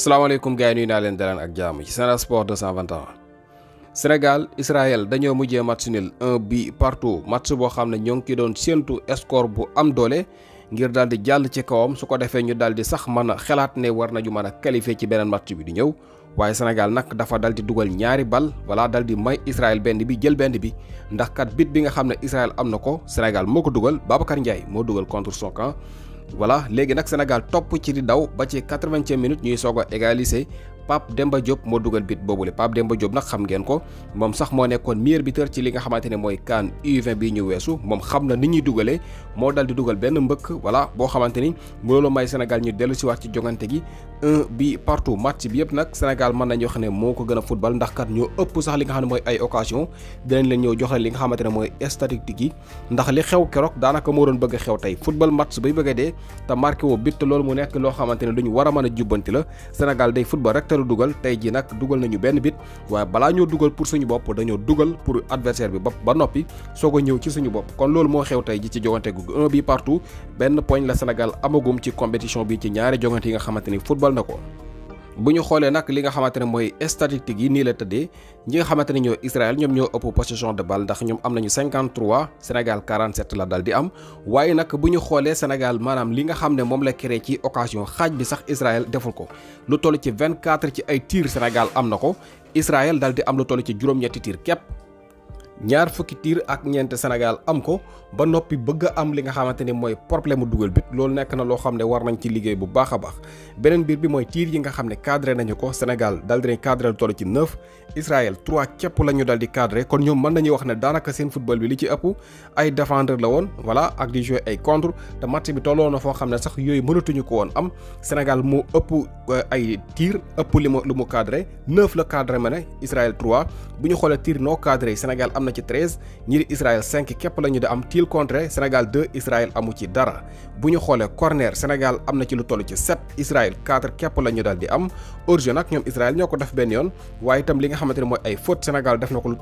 salaamaaleykum gars yi nuyu naa leen daleen ak jaamu ci Sen Sport 221 Sénégal Israël dañoo mujjee match nul un bi partout match boo xam ne ñoo ngi ki doon séentu score bu am doole ngir daal di jàll ci kawam su ko defee ñu daal di sax mën a xalaat ne war nañu mën a qualifier ci beneen match bi di ñëw waaye Sénégal nag dafa dal di dugal ñaari bal wala dal di may Israël benn bi jël benn bi ndax kat bit bi nga xam ne Israël am na ko Sénégal moo ko dugal Babacar Ndiaye moo dugal contre son voilà léegi nag Sénégal topp ci di daw ba ci quatre-vingtième minute ñuy soog a égaliser Pape Demba Diop moo dugal bit boobule Pape Demba Diop nag xam ngeen ko moom sax moo nekkoon meilleur buteur ci li nga xamante ne mooy CAN U20 bii ñu weesu moom xam na ni ñuy dugalee moo dal di dugal benn mbëkk voilà boo xamante ni mu loolu may Sénégal ñu dellu si ci jongante gi un bi bi yëpp nag Sénégal mën nañu wax ne moo ko gën a football ndax kat ñoo ëpp sax li nga xam ne mooy ay occasion dinañ leen ñëw joxe li nga xamante ne mooy statistique yi ndax li xew keroog daanaka moo doon bëgg a xew tey football match bay bëgg a dee te marqué woo bit te loolu mu nekk loo xamante ne lu war mën a jubbanti la Sénégal day football rek adversaire dugal tey ji nag dugal nañu benn bit waaye balaa ñoo dugal pour suñu bopp dañoo dugal pour adversaire bi bopp ba noppi soog a ñëw ci suñu bopp kon loolu moo xew tey ji ci jogante gu un bi partout benn poñ la Sénégal amagum ci compétition bi ci ñaari jogante yi nga xamante ni football na ko bu ñu xoolee nag li nga xamante ne mooy statistique yi nii la tëddee ñi nga xamante ne ñoo Israël ñoom ñoo ëpp possession de balle ndax ñoom am nañu 53 Sénégal 47 la dal di am waaye nag bu ñu xoolee Sénégal maanaam li nga xam ne moom la créé ci occasion xaaj bi sax Israël deful ko lu toll ci 24 ci ay tirs Sénégal am na ko Israël daldi am lu toll ci juróom-ñetti tirs képp. ñaar fukki tiir ak ñeent Sénégal am ko ba noppi bëgg am li nga xamante ni mooy problème mu dugal but loolu nekk na loo xam ne war nañ ci liggéey bu baax a baax beneen mbir bi mooy tiir yi nga xam ne cadré nañu ko Sénégal dal dinañ cadré lu toll ci 9 Israël 3 képp la ñu dal di cadré kon ñoom mën nañuy wax ne daanaka seen football bi li ci ëpp ay défendre la woon voilà ak di ay contre te match bi tolloo na foo xam ne sax yooyu mënatuñu ko woon am Sénégal mu ëpp euh, ay tiir ëpp li mu lu mu cadré 9 la cadré ma ne Israël 3 bu ñu xoolee tiir noo cadré Sénégal am amna 13 ni israël 5 képp lañu de am til contre sénégal 2 israël amu ci dara buñu xoolee corner sénégal amna ci lu 7 israël 4 képp lañu dal di am urge nak ñom israël ñoko def ben yoon waye tam li nga xamanteni moy sénégal def nako lu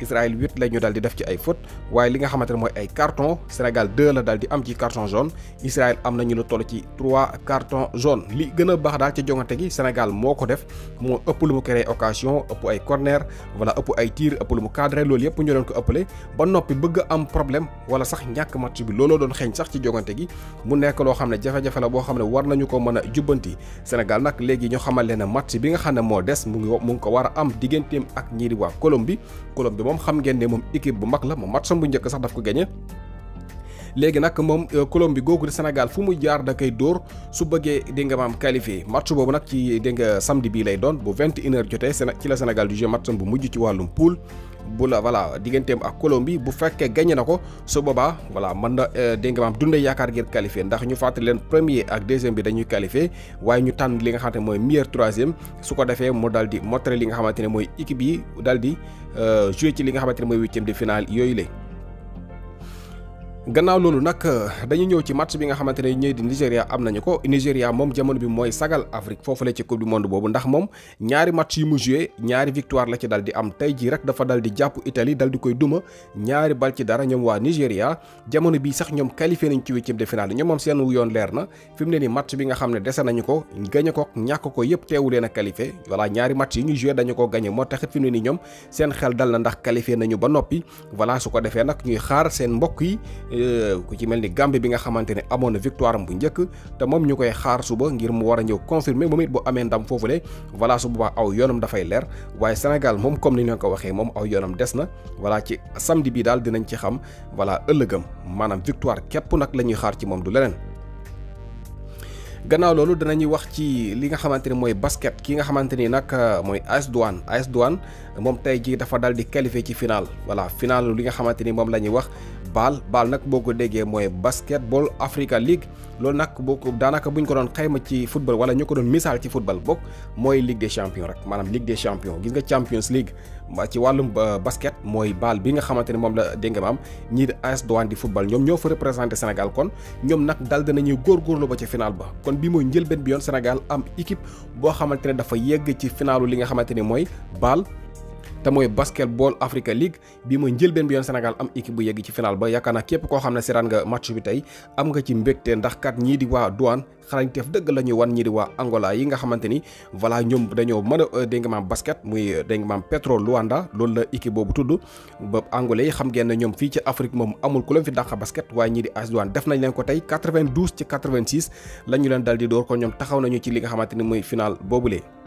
israël 8 lañu dal di def ci ay faute waye li carton sénégal 2 la dal am ci carton jaune israël amna ñu lu ci 3 carton jaune li gëna bax ci sénégal moko def mo ëpp lu mu créer occasion ëpp ay corner voilà ëpp ay tir ëpp malgré loolu yëpp ñu leen ko ëppale ba noppi bëgg am problème wala ñàkk match bi looloo doon xeeñ ci jogante gi mu nekk loo xam ne jafe la boo xam ne war nañu ko mën a jubbanti Sénégal nag léegi ñu xamal leen ne match bi nga xam ne moo des mu ngi mu ngi ko war a am digganteem ak ñii di waa Colombie Colombie moom xam ngeen ne moom équipe bu mag la moom match bu njëkk sax daf ko gagné. léegi nag moom euh, Colombie googu di Sénégal fu mu jaar da koy dóor su bëggee di nga maam qualifié match boobu nag ci di nga samedi bii lay doon bu 21h jotee ci la Sénégal du jeu match bu mujj ci wàllum poule bu la voilà digganteem ak Colombie bu fekkee gagné na ko su boobaa voilà mën na euh, dégg nga maam dundee yaakaar ngir qualifié ndax ñu fàttali leen premier ak deuxième bi dañuy qualifié waaye ñu tànn li nga xamante ne mooy meilleur troisième su ko defee mu dal di montré li nga xamante ne mooy équipe yi dal di euh, joué ci li nga xamante ne mooy huitième de finale yooyu le gannaaw loolu nag dañu ñëw ci match bi nga xamante ne ñëw di Nigéria am nañu ko Nigéria moom jamono bi mooy sagal Afrique foofu la ci coupe du monde boobu ndax moom ñaari match yu mu joué ñaari victoire la ci dal di am tey jii rek dafa dal di jàpp Italie dal di koy duma ñaari bal ci dara ñoom waa Nigéria jamono bi sax ñoom qualifié nañ ci huitième de finale ñoom moom seen yoon leer na fi ne ni match bi nga xam ne dese nañu ko gañe ko ñàkk ko yëpp teewu leen a qualifié voilà ñaari match yi ñu joué dañu ko gañe moo taxit fi mu ne ni ñoom seen xel dal na ndax qualifié nañu ba noppi voilà su ko defee nag ñuy xaar seen mbokk yi Eh, ku ci mel ni Gambie bi nga xamante ne amoon na victoire am bu njëkk te moom ñu koy xaar suba ngir mu war ñëw confirmer moom bu amee ndam foofule voilà su boobaa aw yoonam dafay leer waaye Sénégal moom comme ni ñu ko waxee moom aw yoonam des na ci samedi bi daal dinañ ci xam voilà ëllëgam maanaam victoire képp nag la xaar ci moom du leneen. gannaaw loolu wax ci li nga mooy basket ki nga xamante ni nag euh, mooy AS Douane AS Douane moom tey jii dafa di qualifié ci final voilà final li nga xamante ni moom la wax. baal baal nag boo ko déggee mooy basketball Africa League loolu nag boo ko daanaka bu ñu ko doon xayma ci football wala ñu ko doon misaal ci football bokk mooy Ligue des champions rek maanaam Ligue des champions gis nga Champions League ci wàllum basket mooy baal bi nga xamante ne moom la dégg am maam ñii di AS Douanes di football ñoom ñoo fa représenté Sénégal kon ñoom nag dal danañuy góorlu ba ci final ba kon bi mooy njëlbeen bi yoon Sénégal am équipe boo xamante ne dafa yegg ci finaalu li nga xamante ni mooy baal te mooy basketball Africa League bi mooy njëlbeen bi yoon Sénégal am équipe bu yegg ci final ba yaakaar naa képp ko xam ne seetaan nga match bi tey am nga ci mbégte ndax kat ñii di waa douane xarañteef dëgg la ñuy wan ñii di waa Angola yi nga xamante ni voilà ñoom dañoo mën a euh, basket muy euh, dégg nga maam Petro Luanda loolu la équipe boobu tudd ba Angolais yi xam ngeen ne ñoom fii ci Afrique moom amul ku leen fi dàq basket waaye ñii di AS Douane def nañ leen tey 92 ci la ñu leen dal di door ko ñoom taxaw nañu ci li nga xamante ni muy final boobulee